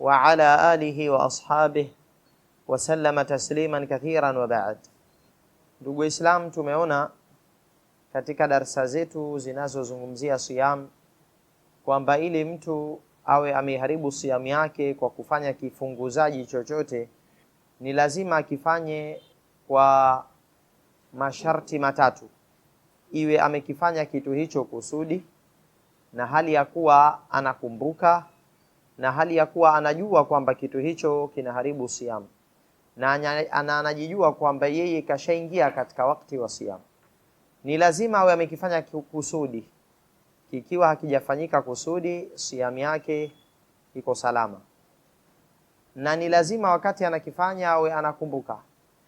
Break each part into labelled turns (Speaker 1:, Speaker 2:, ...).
Speaker 1: wa ala alihi wa ashabihi sallama tasliman kathiran wa ba'd. Ndugu Islam, tumeona katika darsa zetu zinazozungumzia siyam kwamba ili mtu awe ameharibu siamu yake kwa kufanya kifunguzaji chochote, ni lazima akifanye kwa masharti matatu: iwe amekifanya kitu hicho kusudi, na hali ya kuwa anakumbuka na hali ya kuwa anajua kwamba kitu hicho kinaharibu siamu na anajijua kwamba yeye kashaingia katika wakati wa siamu, ni lazima awe amekifanya kusudi. Kikiwa hakijafanyika kusudi, siamu yake iko salama, na ni lazima wakati anakifanya awe anakumbuka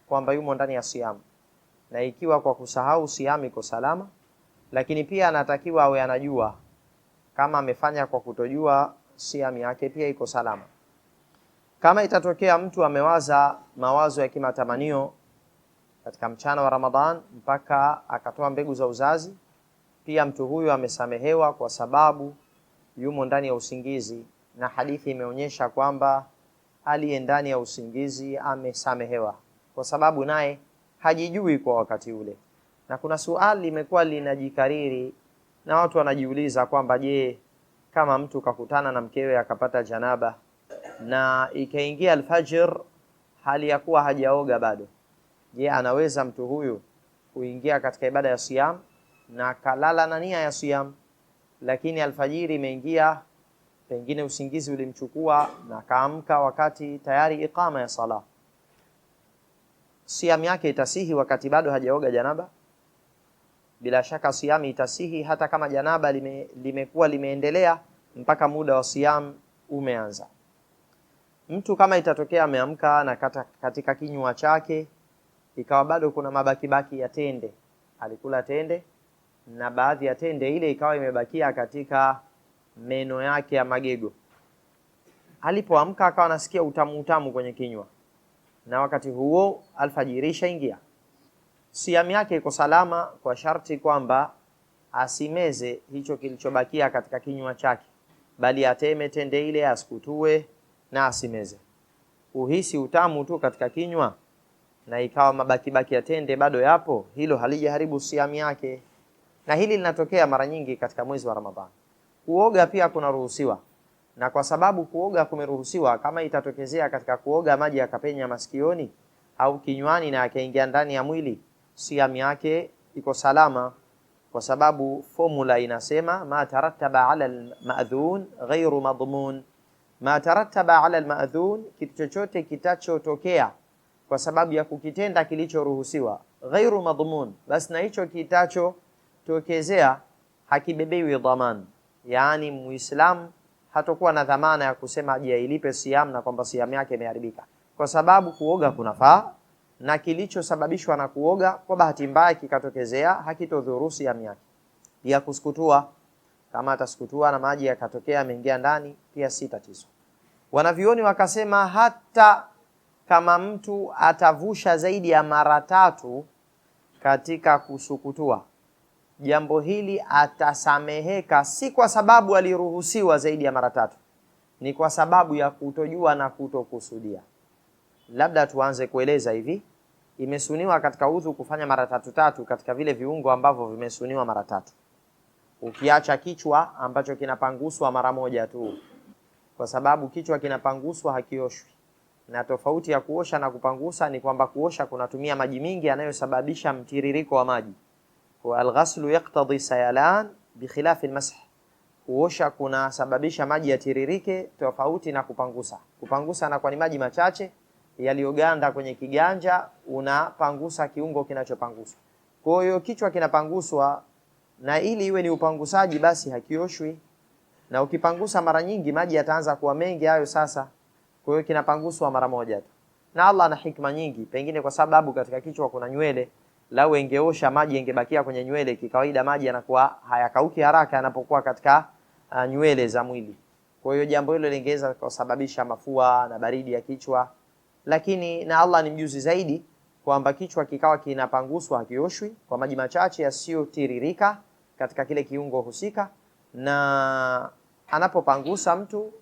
Speaker 1: kwamba yumo ndani ya siamu, na ikiwa kwa kusahau, siamu iko salama. Lakini pia anatakiwa awe anajua, kama amefanya kwa kutojua siam yake pia iko salama. Kama itatokea mtu amewaza mawazo ya kimatamanio katika mchana wa Ramadhan mpaka akatoa mbegu za uzazi, pia mtu huyu amesamehewa kwa sababu yumo ndani ya usingizi, na hadithi imeonyesha kwamba aliye ndani ya usingizi amesamehewa kwa sababu naye hajijui kwa wakati ule. Na kuna suali limekuwa linajikariri na watu wanajiuliza kwamba je, kama mtu kakutana na mkewe akapata janaba na ikaingia alfajr hali ya kuwa hajaoga bado, je, anaweza mtu huyu kuingia katika ibada ya siyam na kalala na nia ya siyam, lakini alfajiri imeingia, pengine usingizi ulimchukua na kaamka wakati tayari iqama ya sala, siyam yake itasihi wakati bado hajaoga janaba? bila shaka siamu itasihi hata kama janaba lime, limekuwa limeendelea mpaka muda wa siam umeanza. Mtu kama itatokea ameamka na kata, katika kinywa chake ikawa bado kuna mabakibaki ya tende, alikula tende na baadhi ya tende ile ikawa imebakia katika meno yake ya magego. Alipoamka akawa anasikia utamu utamu kwenye kinywa, na wakati huo alfajiri ishaingia siamu yake iko salama kwa sharti kwamba asimeze hicho kilichobakia katika kinywa chake, bali ateme tende ile, asikutue na asimeze. Uhisi utamu tu katika kinywa na ikawa baki ya tende bado yapo, hilo halijaharibu siamu yake. Na hili linatokea mara nyingi katika mwezi wa Ramadhani. Kuoga pia kunaruhusiwa, na kwa sababu kuoga kumeruhusiwa, kama itatokezea katika kuoga maji yakapenya masikioni au kinywani na yakaingia ndani ya mwili siamu yake iko salama, kwa sababu formula inasema ma tarattaba ala almadhun ghairu madhmun. Ma tarattaba ala almadhun, kitu chochote kitachotokea kwa sababu ya kukitenda kilichoruhusiwa, ghairu madmun basi na hicho kitachotokezea hakibebewi dhaman, yaani muislam hatakuwa na dhamana ya kusema aje ailipe siam na kwamba siamu yake imeharibika, kwa sababu kuoga kunafaa na kilichosababishwa na kuoga kwa bahati mbaya kikatokezea, hakitodhuru siamu yake. Pia kusukutua, kama atasukutua na maji yakatokea ameingia ndani, pia si tatizo. Wanavyuoni wakasema hata kama mtu atavusha zaidi ya mara tatu katika kusukutua, jambo hili atasameheka, si kwa sababu aliruhusiwa zaidi ya mara tatu, ni kwa sababu ya kutojua na kutokusudia. Labda tuanze kueleza hivi imesuniwa katika udhu kufanya mara tatu tatu katika vile viungo ambavyo vimesuniwa mara tatu, ukiacha kichwa ambacho kinapanguswa mara moja tu, kwa sababu kichwa kinapanguswa hakioshwi. Na tofauti ya kuosha na kupangusa ni kwamba kuosha kunatumia maji mingi yanayosababisha mtiririko wa maji, kwa alghaslu yaqtadi sayalan bikhilafi almasah kuosha kunasababisha maji yatiririke, tofauti na kupangusa. Kupangusa na ni maji machache yaliyoganda kwenye kiganja, unapangusa kiungo kinachopanguswa. Kwa hiyo kichwa kinapanguswa, na ili iwe ni upangusaji, basi hakioshwi, na ukipangusa mara nyingi maji yataanza kuwa mengi hayo sasa. Kwa hiyo kinapanguswa mara moja tu, na Allah ana hikma nyingi, pengine kwa sababu katika kichwa kuna nywele Lau ingeosha maji ingebakia kwenye nywele. Kikawaida maji yanakuwa hayakauki haraka yanapokuwa katika uh, nywele za mwili. Kwa hiyo jambo hilo lingeweza kusababisha mafua na baridi ya kichwa lakini na Allah ni mjuzi zaidi, kwamba kichwa kikawa kinapanguswa hakioshwi kwa maji machache yasiyotiririka katika kile kiungo husika, na anapopangusa mtu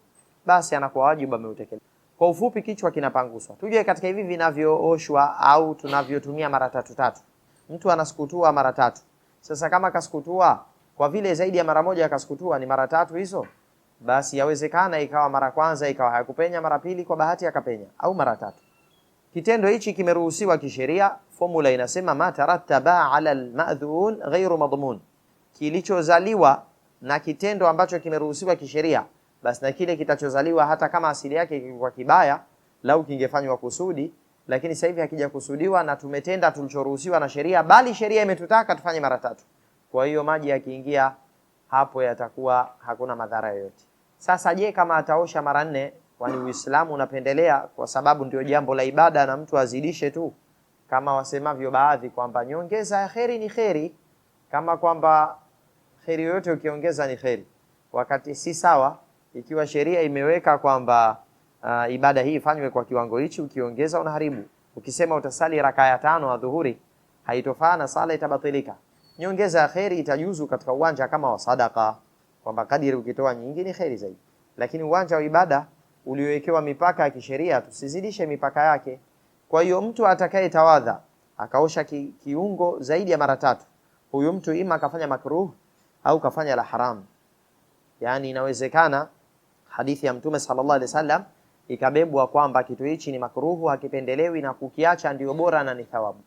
Speaker 1: basi anakuwa wajibu ameutekeleza. Kwa ufupi, kichwa kinapanguswa. Tujue katika hivi vinavyooshwa au tunavyotumia mara tatu tatu, mtu anasukutua mara tatu. Sasa kama kasukutua kwa vile zaidi ya mara moja akasukutua, ni mara tatu hizo basi yawezekana ikawa mara kwanza ikawa hayakupenya, mara pili kwa bahati akapenya, au mara tatu. Kitendo hichi kimeruhusiwa kisheria. Formula inasema ma tarattaba ala almadhun ghairu madmun, kilichozaliwa na kitendo ambacho kimeruhusiwa kisheria, basi na kile kitachozaliwa hata kama asili yake kwa kibaya, lau kingefanywa kusudi, lakini sasa hivi hakijakusudiwa na tumetenda tulichoruhusiwa na sheria, bali sheria imetutaka tufanye mara tatu. Kwa hiyo maji yakiingia hapo, yatakuwa hakuna madhara yoyote. Sasa je, kama ataosha mara nne, kwani Uislamu unapendelea kwa sababu ndio jambo la ibada na mtu azidishe tu, kama wasemavyo baadhi kwamba nyongeza ya kheri ni kheri, kama kwamba kheri yoyote ukiongeza ni kheri, wakati si sawa. Ikiwa sheria imeweka kwamba uh, ibada hii ifanywe kwa kiwango hichi, ukiongeza unaharibu. Ukisema utasali raka ya tano adhuhuri haitofaa na sala itabatilika. Nyongeza ya kheri itajuzu katika uwanja kama wa sadaka kwamba kadiri ukitoa nyingi ni kheri zaidi, lakini uwanja wa ibada uliowekewa mipaka ya kisheria tusizidishe mipaka yake. Kwa hiyo mtu atakaye tawadha akaosha ki, kiungo zaidi ya mara tatu, huyu mtu ima akafanya makruh au kafanya la haramu. Yani inawezekana hadithi ya Mtume sallallahu alaihi wasallam ikabebwa kwamba kitu hichi ni makruhu, hakipendelewi na kukiacha ndio bora na ni thawabu,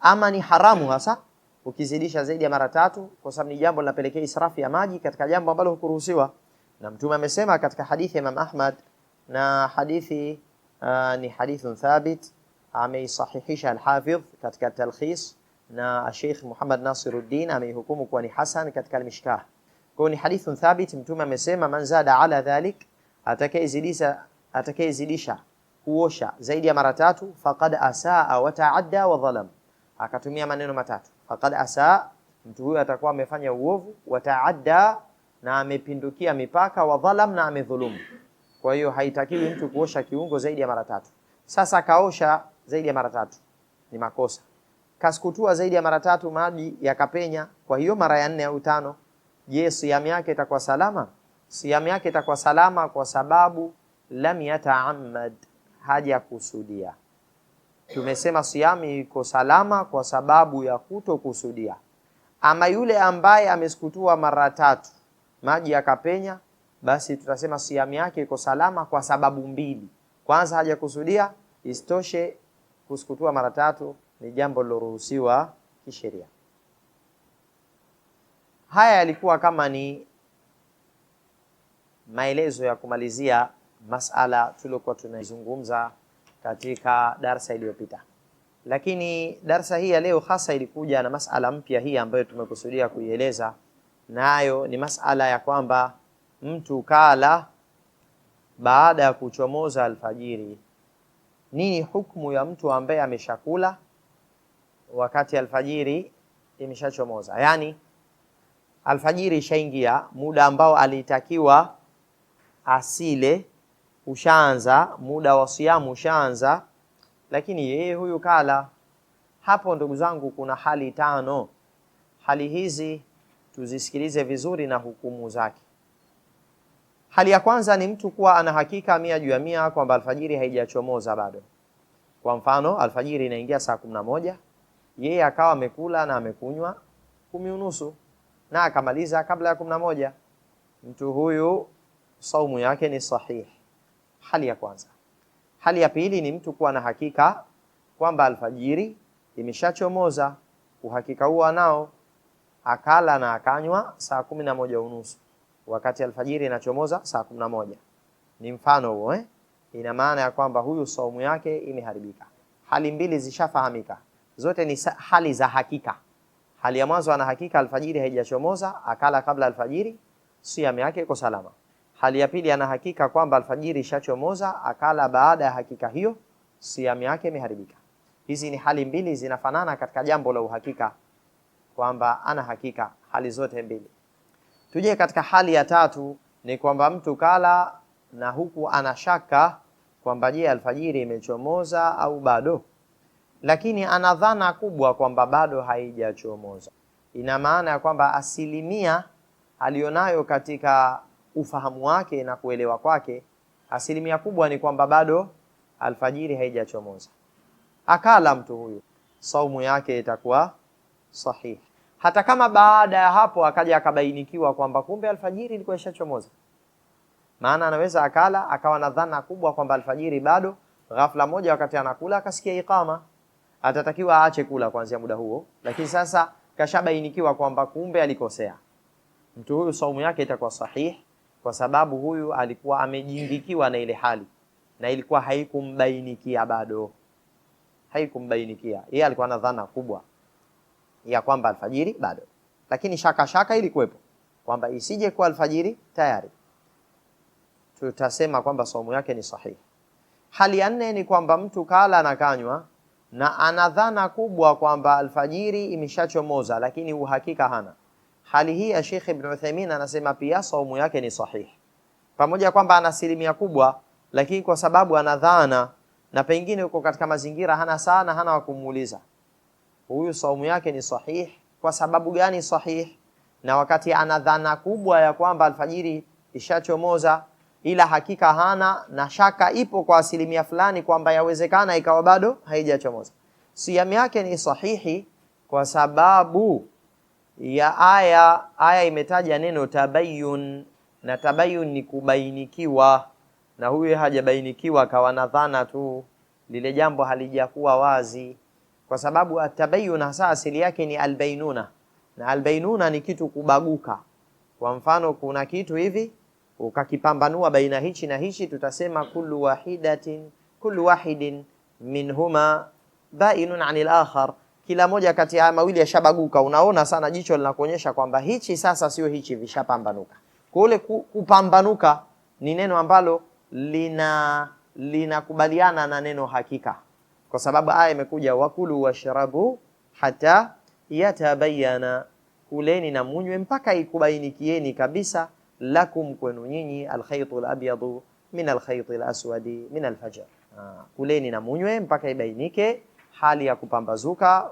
Speaker 1: ama ni haramu hasa ukizidisha zaidi ya mara tatu, kwa sababu ni jambo linapelekea israfu ya maji katika jambo ambalo hukuruhusiwa na Mtume amesema katika hadithi ya Imam Ahmad na hadithi uh, ni hadithun thabit, ameisahihisha Alhafidh katika Talkhis na Sheikh Muhammad Nasiruddin ameihukumu kuwa ni hasan katika Almishkah. Kwa hiyo ni hadithun thabit. Mtume amesema man zada ala dhalik, atakayezidisha atakayezidisha kuosha zaidi ya mara tatu, faqad asaa wa taadda wa dhalam, akatumia maneno matatu faqad asa, mtu huyo atakuwa amefanya uovu, wataadda, na amepindukia mipaka, wa dhalam, na amedhulumu. Kwa hiyo haitakiwi mtu kuosha kiungo zaidi ya mara tatu. Sasa kaosha zaidi ya mara tatu, ni makosa. Kaskutua zaidi ya mara tatu, maji yakapenya, kwa hiyo mara ya nne au tano. Je, siamu yake itakuwa salama? Siamu yake itakuwa salama kwa sababu lam haja hajakusudia. Tumesema siami iko salama kwa sababu ya kutokusudia. Ama yule ambaye amesikutua mara tatu maji yakapenya, basi tutasema siami yake iko salama kwa sababu mbili. Kwanza, hajakusudia. Isitoshe, kusikutua mara tatu ni jambo liloruhusiwa kisheria. Haya yalikuwa kama ni maelezo ya kumalizia masala tuliokuwa tunazungumza katika darsa iliyopita, lakini darsa hii ya leo hasa ilikuja na masala mpya hii ambayo tumekusudia kuieleza, nayo ni masala ya kwamba mtu kala baada ya kuchomoza alfajiri. Nini hukumu ya mtu ambaye ameshakula wakati alfajiri imeshachomoza? Yaani alfajiri ishaingia, muda ambao alitakiwa asile ushaanza muda wa siamu ushaanza, lakini yeye huyu kala. Hapo ndugu zangu, kuna hali tano. Hali hizi tuzisikilize vizuri na hukumu zake. Hali ya kwanza ni mtu kuwa ana hakika mia juu ya mia kwamba alfajiri haijachomoza bado. Kwa mfano, alfajiri inaingia saa kumi na moja, yeye akawa amekula na amekunywa kumi unusu na akamaliza kabla ya kumi na moja, mtu huyu saumu yake ni sahihi hali ya kwanza. Hali ya pili ni mtu kuwa na hakika kwamba alfajiri imeshachomoza. Uhakika huo anao, akala na akanywa saa kumi na moja unusu wakati alfajiri inachomoza saa kumi na moja. Ni mfano huo eh? Ina maana ya kwamba huyu saumu yake imeharibika. Hali mbili zishafahamika, zote ni hali za hakika. Hali ya mwanzo ana hakika alfajiri haijachomoza, akala kabla alfajiri, siamu yake iko salama. Hali ya pili, ana hakika kwamba alfajiri ishachomoza, akala baada ya hakika hiyo, siamu yake imeharibika. Hizi ni hali mbili zinafanana katika jambo la uhakika, kwamba ana hakika hali zote mbili. Tuje katika hali ya tatu, ni kwamba mtu kala na huku ana shaka kwamba je, alfajiri imechomoza au bado, lakini ana dhana kubwa kwamba bado haijachomoza. Ina maana ya kwamba asilimia aliyonayo katika ufahamu wake na kuelewa kwake, asilimia kubwa ni kwamba bado alfajiri haijachomoza. Akala mtu huyu, saumu yake itakuwa sahihi, hata kama baada ya hapo akaja akabainikiwa kwamba kumbe alfajiri ilikuwa ishachomoza. Maana anaweza akala akawa na dhana kubwa kwamba alfajiri bado, ghafla moja wakati anakula akasikia iqama, atatakiwa aache kula kuanzia muda huo, lakini sasa kashabainikiwa kwamba kumbe alikosea. Mtu huyu saumu yake itakuwa sahihi kwa sababu huyu alikuwa amejingikiwa na ile hali na ilikuwa haikumbainikia bado, haikumbainikia yeye. Alikuwa na dhana kubwa ya kwamba alfajiri bado, lakini shaka shaka ilikuwepo kwamba isije kuwa alfajiri tayari. Tutasema kwamba saumu yake ni sahihi. Hali ya nne ni kwamba mtu kala na kanywa na ana dhana kubwa kwamba alfajiri imeshachomoza, lakini uhakika hana Hali hii ya Sheikh Ibn Uthaymeen anasema pia saumu yake ni sahihi, pamoja kwamba ana asilimia kubwa, lakini kwa sababu ana dhana na pengine yuko katika mazingira hana sana, hana wa kumuuliza huyu, saumu yake ni sahihi. Kwa sababu gani sahihi? Na wakati ana dhana kubwa ya kwamba alfajiri ishachomoza, ila hakika hana na shaka ipo kwa asilimia fulani kwamba yawezekana ikawa bado haijachomoza. Siamu yake ni sahihi kwa sababu ya aya, aya imetaja neno tabayun, na tabayun ni kubainikiwa, na huyu hajabainikiwa akawa na dhana tu, lile jambo halijakuwa wazi, kwa sababu atabayun hasa asili yake ni albainuna, na albainuna ni kitu kubaguka. Kwa mfano, kuna kitu hivi ukakipambanua baina hichi na hichi, tutasema kullu wahidatin, kullu wahidin minhuma bainun anil akhar kila moja kati ya mawili yashabaguka, unaona sana, jicho linakuonyesha kwamba hichi sasa sio hichi, vishapambanuka. Kwa ule kupambanuka ni neno ambalo lina linakubaliana na neno hakika, kwa sababu aya imekuja wakulu washrabu hata yatabayana, kuleni na munywe mpaka ikubainikieni kabisa lakum, kwenu nyinyi, alkhaytu alabyadu min alkhayti alaswadi min alfajr, ah, kuleni na munywe mpaka ibainike hali ya kupambazuka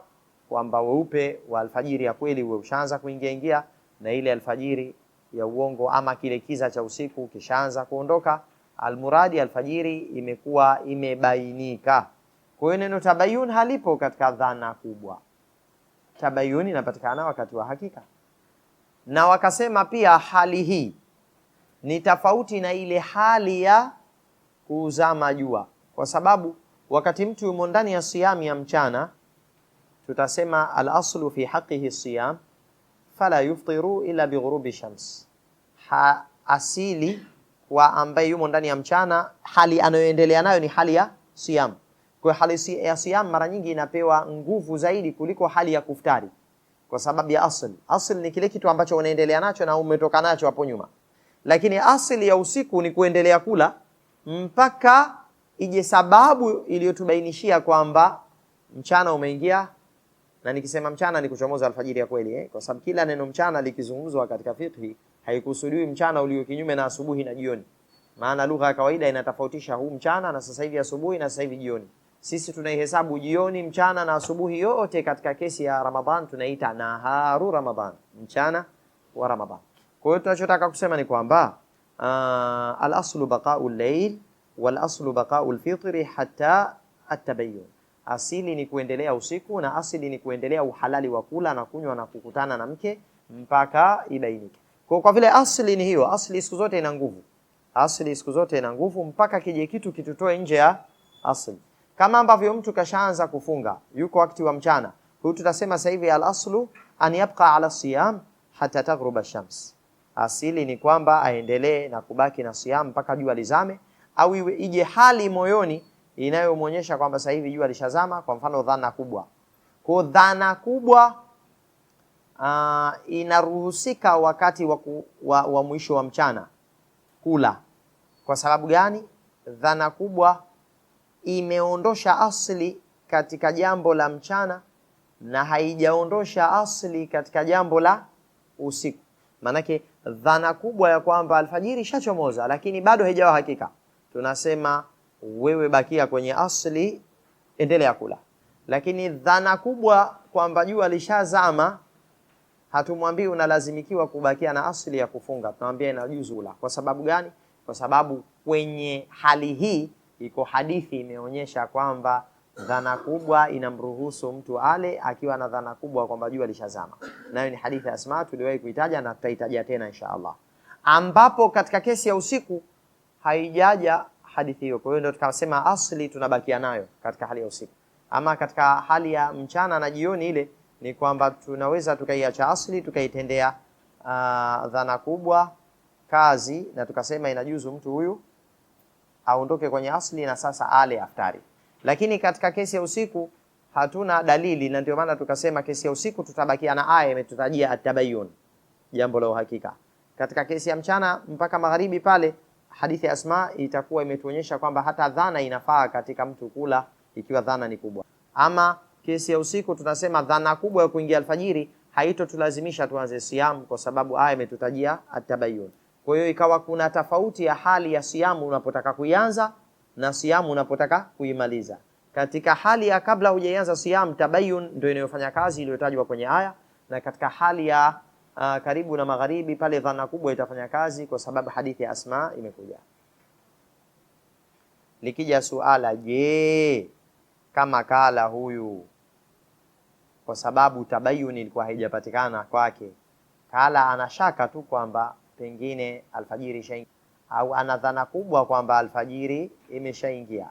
Speaker 1: kwamba weupe wa alfajiri ya kweli uwe ushaanza kuingia ingia, na ile alfajiri ya uongo ama kile kiza cha usiku kishaanza kuondoka. Almuradi alfajiri imekuwa imebainika. Kwa hiyo neno tabayun halipo katika dhana kubwa. Tabayuni inapatikana wakati wa hakika, na wakasema pia hali hii ni tofauti na ile hali ya kuzama jua, kwa sababu wakati mtu yumo ndani ya siamu ya mchana tutasema al-aslu fi haqqihi siyam fala yuftiru illa bighurubi shams. Ha, asili wa ambaye yumo ndani ya mchana, hali anayoendelea nayo ni hali ya siyam. Kwa hali ya siyam mara nyingi inapewa nguvu zaidi kuliko hali ya kuftari kwa sababu ya asl. Asl ni kile kitu ambacho unaendelea nacho na umetoka nacho hapo nyuma, lakini asli ya usiku ni kuendelea kula mpaka ije sababu iliyotubainishia kwamba mchana umeingia na nikisema mchana ni kuchomoza alfajiri ya kweli eh? Kwa sababu kila neno mchana likizungumzwa katika fikhi haikusudiwi mchana ulio kinyume na asubuhi na jioni, maana lugha ya kawaida inatofautisha huu mchana na sasa hivi asubuhi na sasa hivi jioni. Sisi tunaihesabu jioni, mchana na asubuhi, yote katika kesi ya Ramadhan tunaita naharu Ramadhan, mchana wa Ramadhan. Kwa hiyo tunachotaka kusema ni kwamba uh, ah, al aslu baqa'u layl wal aslu baqa'u fitri hatta at-tabayyun asili ni kuendelea usiku na asili ni kuendelea uhalali wa kula na kunywa na kukutana na mke mpaka ibainike. Kwa, kwa vile asili ni hiyo, asili siku zote ina nguvu, asili siku zote ina nguvu mpaka kije kitu kitutoe nje ya asili. kama ambavyo mtu kashaanza kufunga, yuko wakati wa mchana, huyu tutasema sasa hivi al aslu an yabqa ala siyam hata taghruba shams. Asili ni kwamba aendelee na kubaki na siyam mpaka jua lizame, au ije hali moyoni inayomwonyesha kwamba sasa hivi jua lishazama, kwa mfano dhana kubwa. Kwa dhana kubwa uh, inaruhusika wakati wa, wa, wa mwisho wa mchana kula. Kwa sababu gani? Dhana kubwa imeondosha asli katika jambo la mchana na haijaondosha asli katika jambo la usiku. Maanake dhana kubwa ya kwamba alfajiri ishachomoza, lakini bado haijawa hakika, tunasema wewe bakia kwenye asli, endelea kula. Lakini dhana kubwa kwamba jua lishazama, hatumwambii unalazimikiwa kubakia na asli ya kufunga, tunamwambia inajuzu ula. Kwa sababu gani? Kwa sababu kwenye hali hii iko hadithi imeonyesha kwamba dhana kubwa inamruhusu mtu ale akiwa na dhana kubwa kwamba jua lishazama, nayo ni hadithi ya Asma tuliwahi kuitaja na tutaitaja tena inshaallah, ambapo katika kesi ya usiku haijaja hadithi hiyo. Kwa hiyo ndio tukasema asli tunabakia nayo katika hali ya usiku, ama katika hali ya mchana na jioni, ile ni kwamba tunaweza tukaiacha asli tukaitendea uh, dhana kubwa kazi, na tukasema inajuzu mtu huyu aondoke kwenye asli na sasa ale aftari. Lakini katika kesi ya usiku hatuna dalili, na ndio maana tukasema kesi ya usiku tutabakia na aya imetutajia atabayun, jambo la uhakika. Katika kesi ya mchana mpaka magharibi pale hadithi ya Asma itakuwa imetuonyesha kwamba hata dhana inafaa katika mtu kula ikiwa dhana ni kubwa. Ama kesi ya usiku, tunasema dhana kubwa ya kuingia alfajiri haitotulazimisha tuanze siamu, kwa sababu aya imetutajia atabayun. Kwa hiyo ikawa kuna tofauti ya hali ya siamu unapotaka kuianza na siamu unapotaka kuimaliza. Katika hali ya kabla hujaianza siamu, tabayun ndio inayofanya kazi iliyotajwa kwenye aya, na katika hali ya uh, karibu na magharibi pale dhana kubwa itafanya kazi, kwa sababu hadithi ya Asma imekuja. Likija suala, je, kama kala huyu, kwa sababu tabayuni ilikuwa haijapatikana kwake, kala anashaka tu kwamba pengine alfajiri ishaingia au ana dhana kubwa kwamba alfajiri imeshaingia,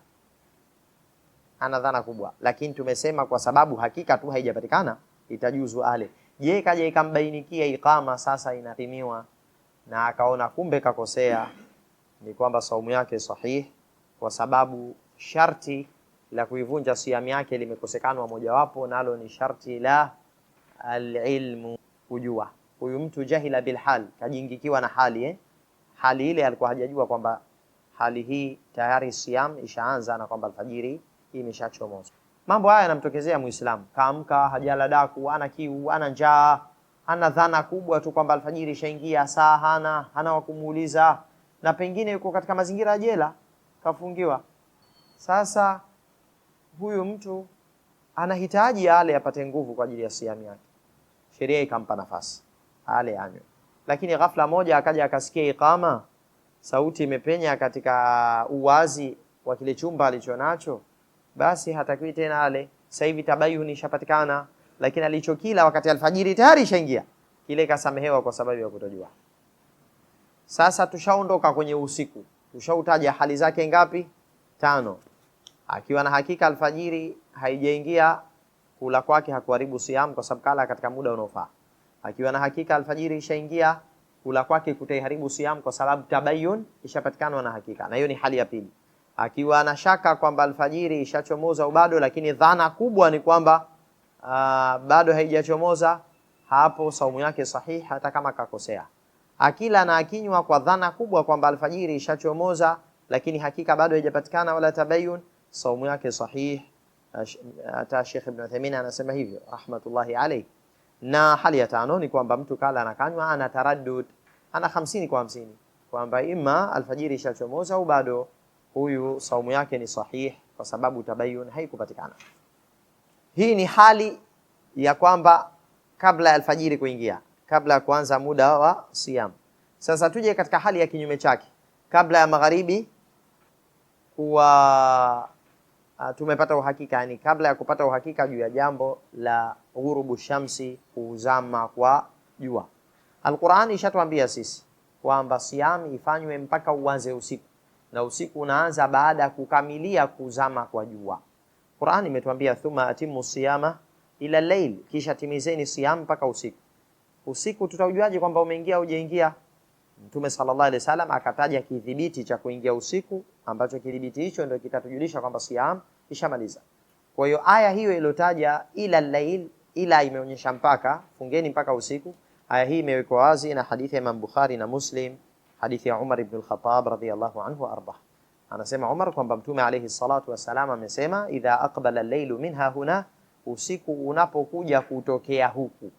Speaker 1: ana dhana kubwa, lakini tumesema kwa sababu hakika tu haijapatikana, itajuzu ale Je, kaja ikambainikia ikama sasa inadhimiwa na akaona kumbe kakosea, ni kwamba saumu yake sahihi, kwa sababu sharti la kuivunja siamu yake limekosekanwa mojawapo, nalo ni sharti la alilmu, kujua. Huyu mtu jahila bilhal, kajingikiwa na hali eh? hali ile alikuwa hajajua kwamba hali hii tayari siam ishaanza na kwamba alfajiri imeshachomoza. Mambo haya yanamtokezea Muislamu, kaamka, hajala daku, ana kiu, ana njaa, ana dhana kubwa tu kwamba alfajiri ishaingia, saa hana, hana wa kumuuliza, na pengine yuko katika mazingira ya jela, kafungiwa. Sasa huyu mtu anahitaji ale apate nguvu kwa ajili ya siamu yake, sheria ikampa nafasi ale anywe, lakini ghafla moja akaja akasikia ikama, sauti imepenya katika uwazi wa kile chumba alichonacho basi hatakiwi tena ale. Sasa hivi tabayuni ishapatikana, lakini alichokila wakati alfajiri tayari ishaingia, kile kasamehewa kwa sababu ya kutojua. Sasa tushaondoka kwenye usiku, tushautaja hali zake ngapi? Tano. Akiwa na hakika alfajiri haijaingia, kula kwake hakuharibu siamu, kwa sababu kala katika muda unaofaa. Akiwa na hakika alfajiri ishaingia, kula kwake kutaiharibu siamu, kwa sababu tabayun ishapatikana na hakika, na hiyo ni hali ya pili akiwa ana shaka kwamba alfajiri ishachomoza au bado, lakini dhana kubwa ni kwamba uh, bado haijachomoza, hapo saumu yake sahihi, hata kama kakosea. Akila na akinywa kwa dhana kubwa kwamba alfajiri ishachomoza, lakini hakika bado haijapatikana wala tabayun, saumu yake sahihi. Ah, hata Sheikh Ibn Uthaymeen anasema hivyo rahmatullahi alayhi. Na hali ya tano ni kwamba mtu kala na kanywa ana taraddud, ana 50 kwa 50 kwamba ima alfajiri ishachomoza au bado huyu saumu yake ni sahih kwa sababu tabayun haikupatikana. Hii ni hali ya kwamba kabla ya alfajiri kuingia, kabla ya kuanza muda wa siyam. Sasa tuje katika hali ya kinyume chake, kabla ya magharibi kuwa ah, tumepata uhakika, yani kabla ya kupata uhakika juu ya jambo la ghurubu shamsi, kuzama kwa jua. alquran ishatuambia sisi kwamba siyam ifanywe mpaka uanze usiku na usiku unaanza baada ya kukamilia kuzama kwa jua. Qur'an imetuambia thumma atimu siyama ila layl, kisha timizeni siyam mpaka usiku. Usiku tutaujuaje kwamba umeingia hujaingia? Mtume sallallahu alaihi wasallam akataja kidhibiti cha kuingia usiku ambacho kidhibiti hicho ndio kitatujulisha kwamba siam ishamaliza. Kwa hiyo aya hiyo iliyotaja ila layl, ila imeonyesha mpaka, fungeni mpaka usiku. Aya hii imewekwa wazi na hadithi ya Imam Bukhari na Muslim hadithi ya Umar ibn al-Khattab radhiyallahu anhu arba, anasema Umar kwamba Mtume alayhi salatu wassalam amesema, idha aqbala al-lailu minha huna, usiku unapokuja kutokea huku,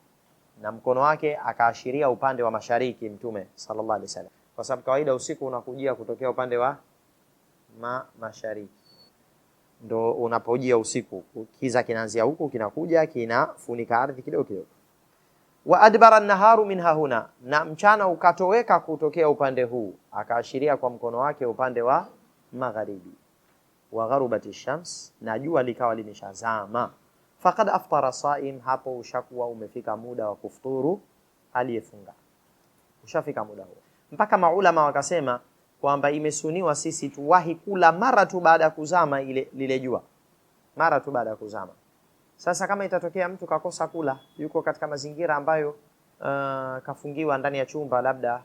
Speaker 1: na mkono wake akaashiria upande wa mashariki, Mtume sallallahu alayhi wasallam, kwa sababu kawaida usiku unakujia kutokea upande wa ma mashariki, ndo unapojia usiku, kiza kinaanzia huku, kinakuja kinafunika ardhi kidogo kidogo wa adbara naharu min hahuna, na mchana ukatoweka kutokea upande huu. Akaashiria kwa mkono wake upande wa magharibi. Wa gharubati shams, na jua likawa limeshazama. Faqad aftara saim, hapo ushakuwa umefika muda wa kufuturu aliyefunga, ushafika muda huo. Mpaka maulama wakasema kwamba imesuniwa sisi tuwahi kula mara tu baada ya kuzama ile lile jua, mara tu baada ya kuzama sasa kama itatokea mtu kakosa kula, yuko katika mazingira ambayo uh, kafungiwa ndani ya chumba labda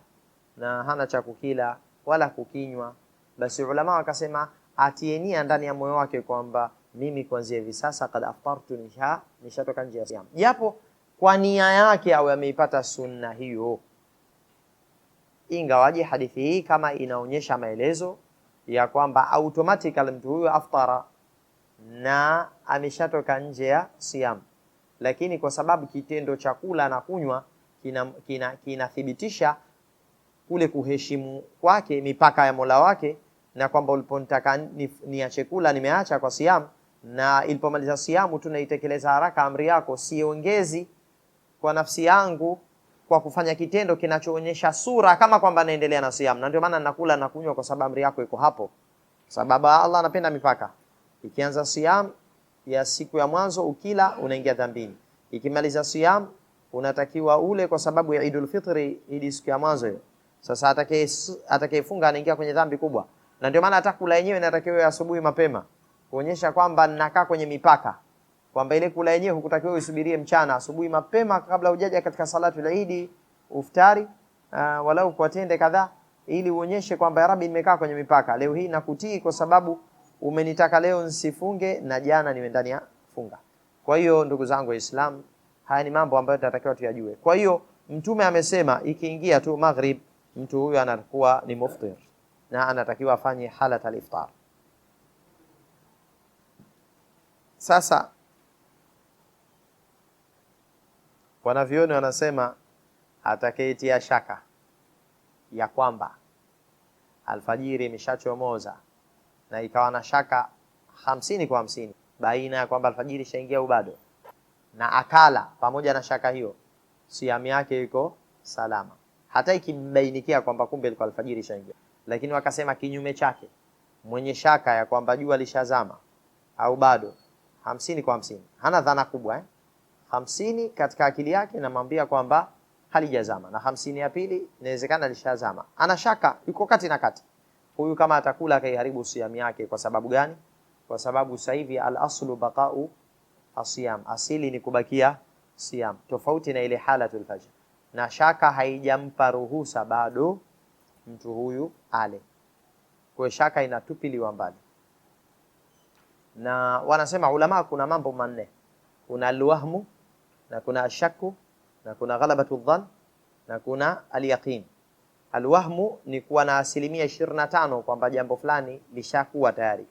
Speaker 1: na hana cha kukila wala kukinywa, basi ulama wakasema atienia ndani ya moyo wake kwamba mimi kuanzia hivi sasa kad aftartu, nisha nishatoka nje ya siyam, japo kwa nia yake au ameipata sunna hiyo. Ingawaje hadithi hii kama inaonyesha maelezo ya kwamba automatically mtu huyo aftara na ameshatoka nje ya siam, lakini kwa sababu kitendo cha kula na kunywa kinathibitisha kina, kina kule kuheshimu kwake mipaka ya Mola wake, na kwamba uliponitaka niache kula nimeacha kwa siam, na ilipomaliza siamu tunaitekeleza haraka amri yako, siongezi kwa nafsi yangu kwa kufanya kitendo kinachoonyesha sura kama kwamba naendelea na siamu, na ndio maana nakula na kunywa, kwa sababu amri yako iko hapo, sababu Allah anapenda mipaka. Ikianza siam ya siku ya mwanzo, ukila unaingia dhambini. Ikimaliza siam unatakiwa ule, kwa sababu ya Idul Fitri, idi siku ya mwanzo hiyo. Sasa atakaye atakayefunga anaingia kwenye dhambi kubwa, na ndio maana hata kula yenyewe inatakiwa asubuhi mapema, kuonyesha kwamba nakaa kwenye mipaka, kwamba ile kula yenyewe hukutakiwa usubirie mchana. Asubuhi mapema, kabla hujaja katika salatu ya idi uftari, uh, walau kwa tende kadhaa, ili uonyeshe kwamba ya Rabbi, nimekaa kwenye mipaka leo hii nakutii kwa sababu umenitaka leo nsifunge na jana niwe ndani ya funga. Kwa hiyo ndugu zangu Waislamu, haya ni mambo ambayo tunatakiwa tuyajue. Kwa hiyo Mtume amesema ikiingia tu maghrib, mtu huyu anakuwa ni muftir na anatakiwa afanye halat aliftar. Sasa wanavyoni wanasema atakayetia shaka ya kwamba alfajiri imeshachomoza na ikawa na shaka hamsini kwa hamsini baina ya kwamba alfajiri ishaingia au bado, na akala pamoja na shaka hiyo, siamu yake iko salama, hata ikimbainikia kwamba kumbe ilikuwa alfajiri ishaingia. Lakini wakasema kinyume chake, mwenye shaka ya kwamba jua lishazama au bado, hamsini kwa hamsini hana dhana kubwa eh? hamsini katika akili yake namwambia kwamba halijazama, na hamsini ya pili inawezekana lishazama, ana shaka, yuko kati na kati Huyu kama atakula akaiharibu siamu yake. Kwa sababu gani? Kwa sababu sasa hivi al aslu baqa'u asiyam, asili ni kubakia siam, tofauti na ile halatul fajr, na shaka haijampa ruhusa bado mtu huyu ale. Kwa shaka inatupiliwa mbali, na wanasema ulama kuna mambo manne, kuna alwahmu na kuna ashaku na kuna ghalabatu dhann na kuna alyaqin. Alwahmu ni kuwa na asilimia ishirini na tano kwamba jambo fulani lishakuwa tayari,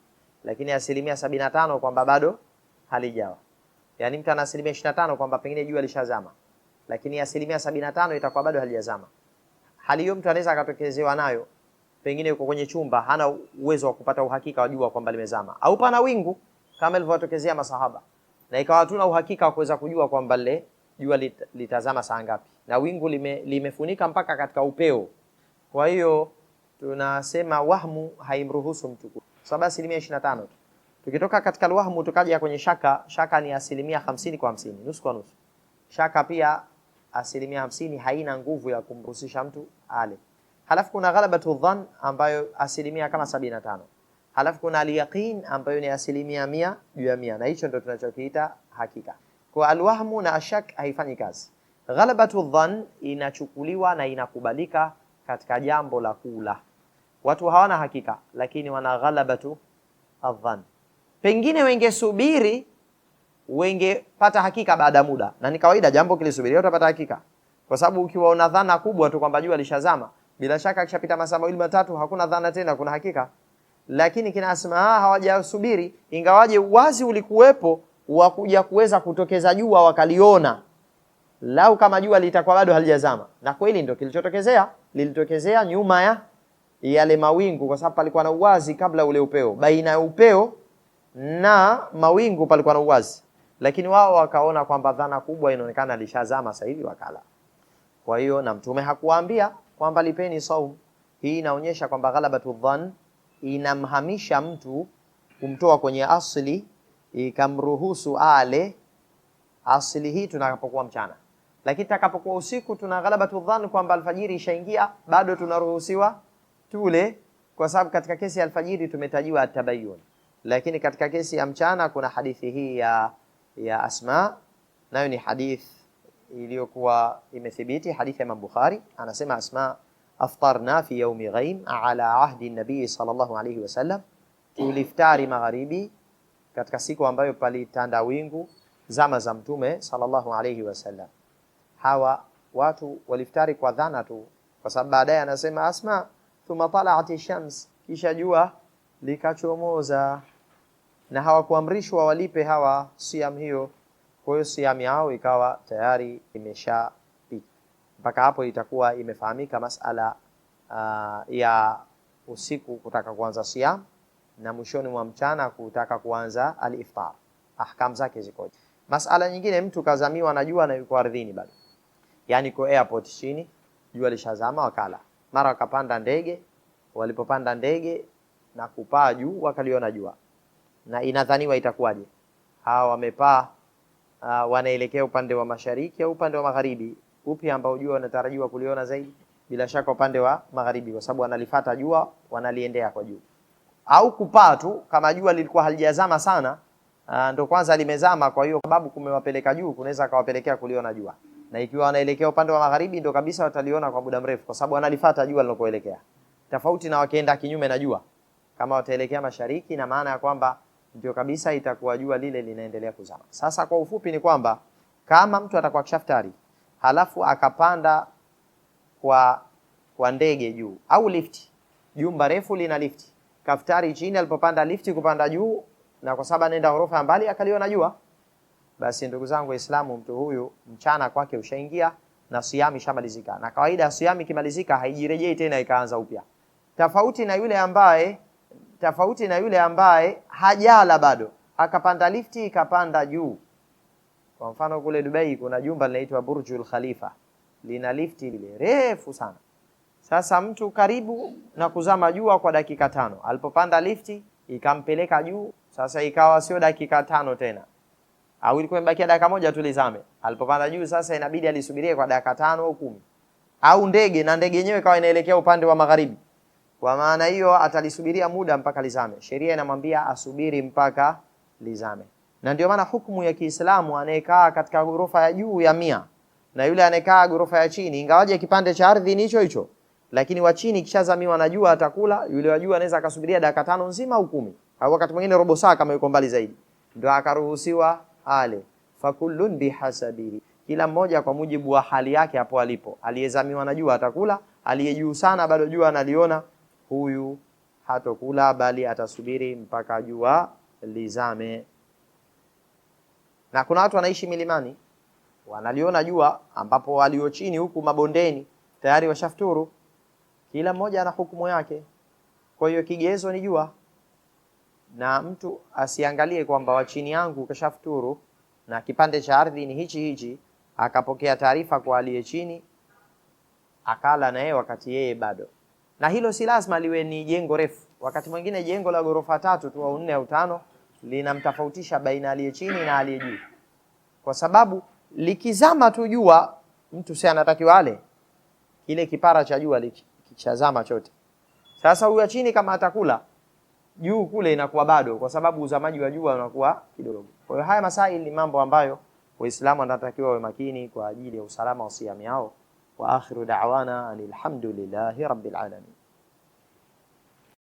Speaker 1: lakini asilimia sabini na tano kwamba bado halijawa. Yani mtu ana asilimia ishirini na tano kwamba pengine jua lishazama, lakini asilimia sabini na tano itakuwa bado halijazama. Hali hiyo mtu anaweza akatokezewa nayo, pengine yuko kwenye chumba, hana uwezo wa kupata uhakika wa jua kwamba limezama, au pana wingu kama ilivyotokezea masahaba, na ikawa hatuna uhakika wa kuweza kujua kwamba lile jua litazama saa ngapi, na wingu lime, limefunika mpaka katika upeo kwa hiyo tunasema wahmu haimruhusu mtu kula, sababu asilimia 25 tu. Tukitoka katika alwahmu tukaja kwenye shaka, shaka ni asilimia 50 kwa 50, nusu kwa nusu. Shaka pia asilimia 50 haina nguvu ya kumruhusisha mtu ale. Halafu kuna ghalabatu dhann ambayo asilimia kama 75. Halafu kuna alyaqin ambayo ni asilimia mia juu ya mia, na hicho ndio tunachokiita hakika. Kwa alwahmu na ashak haifanyi kazi. Ghalabatu dhann inachukuliwa na inakubalika katika jambo la kula. Watu hawana hakika, lakini wana ghalabatu adhan. Pengine wengesubiri wengepata hakika baada ya muda, na ni kawaida jambo kilisubiria utapata hakika, kwa sababu ukiwa una dhana kubwa tu kwamba jua lishazama, bila shaka akishapita masaa mawili matatu hakuna dhana tena, kuna hakika. Lakini kina Asma ah, hawajasubiri, ingawaje wazi ulikuwepo wa kuja kuweza kutokeza jua wakaliona, lau kama jua litakuwa bado halijazama, na kweli ndio kilichotokezea lilitokezea nyuma ya yale mawingu, kwa sababu palikuwa na uwazi kabla ule upeo. Baina ya upeo na mawingu palikuwa na uwazi, lakini wao wakaona kwamba dhana kubwa inaonekana lishazama sasa hivi, wakala. Kwa hiyo na mtume hakuwaambia kwamba lipeni saum Hii inaonyesha kwamba ghalabatu dhann inamhamisha mtu kumtoa kwenye asli, ikamruhusu ale asli hii tunapokuwa mchana lakini takapokuwa usiku, tuna ghalabatu dhanni kwamba alfajiri ishaingia, bado tunaruhusiwa tule, kwa sababu katika kesi ya alfajiri tumetajiwa atabayun. Lakini katika kesi ya mchana kuna hadithi hii ya, ya Asma, nayo ni hadith iliyokuwa imethibiti, hadithi ya Imam Bukhari. Anasema Asma, aftarna fi yaumi ghaim ala ahdi nabii sallallahu alayhi wasallam, tuliftari magharibi katika siku ambayo palitanda wingu, zama za Mtume sallallahu alayhi wasallam hawa watu waliftari kwa dhana tu, kwa sababu baadaye anasema Asma, thumma talaati shams, kisha jua likachomoza, na hawakuamrishwa walipe hawa siam hiyo. Kwa hiyo siam yao ikawa tayari imesha Mpaka hapo itakuwa imefahamika masala uh, ya usiku kutaka kuanza siam na mwishoni mwa mchana kutaka kuanza aliftar. Ahkam zake zikoje? Masala nyingine, mtu kazamiwa na jua na yuko ardhini bado yani iko airport chini, jua lishazama, wakala mara wakapanda ndege. Walipopanda ndege na kupaa juu, wakaliona jua, na inadhaniwa itakuwaje? Hawa wamepaa uh, wanaelekea upande wa mashariki au upande wa magharibi, upi ambao jua wanatarajiwa kuliona zaidi? Bila shaka upande wa magharibi, kwa sababu wanalifata jua, wanaliendea kwa juu. Au kupaa tu, kama jua lilikuwa halijazama sana, uh, ndo kwanza limezama, kwa hiyo sababu kumewapeleka juu, kunaweza akawapelekea kuliona jua na ikiwa wanaelekea upande wa magharibi ndio kabisa wataliona kwa muda mrefu, kwa sababu wanalifuata jua lilokoelekea, tofauti na wakienda kinyume na jua. Kama wataelekea mashariki, na maana ya kwamba ndio kabisa itakuwa jua lile linaendelea kuzama. Sasa kwa ufupi ni kwamba kama mtu atakuwa kishaftari halafu akapanda kwa kwa ndege juu au lifti, jumba refu lina lifti, kaftari chini, alipopanda lifti kupanda juu, na kwa sababu anaenda ghorofa ya mbali akaliona jua basi ndugu zangu Waislamu, mtu huyu mchana kwake ushaingia na siamu ishamalizika. Na kawaida ya siamu ikimalizika haijirejei tena ikaanza upya, tofauti na yule ambaye tofauti na yule ambaye hajala bado akapanda lifti ikapanda juu. Kwa mfano kule Dubai kuna jumba linaitwa Burjul Khalifa, lina lifti ile refu sana. Sasa mtu karibu na kuzama jua kwa dakika tano, alipopanda lifti ikampeleka juu. Sasa ikawa sio dakika tano tena au ilikuwa imebakia dakika moja tu lizame. Alipopanda juu sasa, inabidi alisubirie kwa dakika tano au kumi au ndege, na ndege yenyewe kawa inaelekea upande wa magharibi. Kwa maana hiyo atalisubiria muda mpaka lizame. Sheria inamwambia asubiri mpaka lizame, na ndio maana hukumu ya Kiislamu, anayekaa katika ghorofa ya juu ya mia na yule anayekaa ghorofa ya chini, ingawaje kipande cha ardhi ni hicho hicho, lakini wa chini kishazamiwa na jua atakula, yule wa juu anaweza akasubiria dakika tano nzima au kumi, au wakati mwingine robo saa kama yuko mbali zaidi, ndio akaruhusiwa hali fakullun bihasabihi, kila mmoja kwa mujibu wa hali yake hapo alipo. Aliyezamiwa na jua atakula, aliye juu sana bado jua analiona, huyu hatokula bali atasubiri mpaka jua lizame. Na kuna watu wanaishi milimani wanaliona jua, ambapo walio chini huku mabondeni tayari washafuturu. Kila mmoja ana hukumu yake, kwa hiyo kigezo ni jua na mtu asiangalie kwamba wa chini yangu kashafuturu na kipande cha ardhi ni hichi hichi, akapokea taarifa kwa aliye chini akala na yeye wakati yeye bado. Na hilo si lazima liwe ni jengo refu. Wakati mwingine jengo la ghorofa tatu tu au nne au tano linamtofautisha baina aliye chini na aliye juu, kwa sababu likizama tu jua, mtu si anatakiwa ale kile kipara cha jua, likichazama chote. Sasa huyu chini kama atakula juu kule inakuwa bado, kwa sababu uzamaji wa jua unakuwa kidogo. Kwa hiyo haya masaili ni mambo ambayo Waislamu wanatakiwa wawe makini kwa ajili ya usalama wa siamu yao. Wa akhiru da'wana alhamdulillahi rabbil alamin.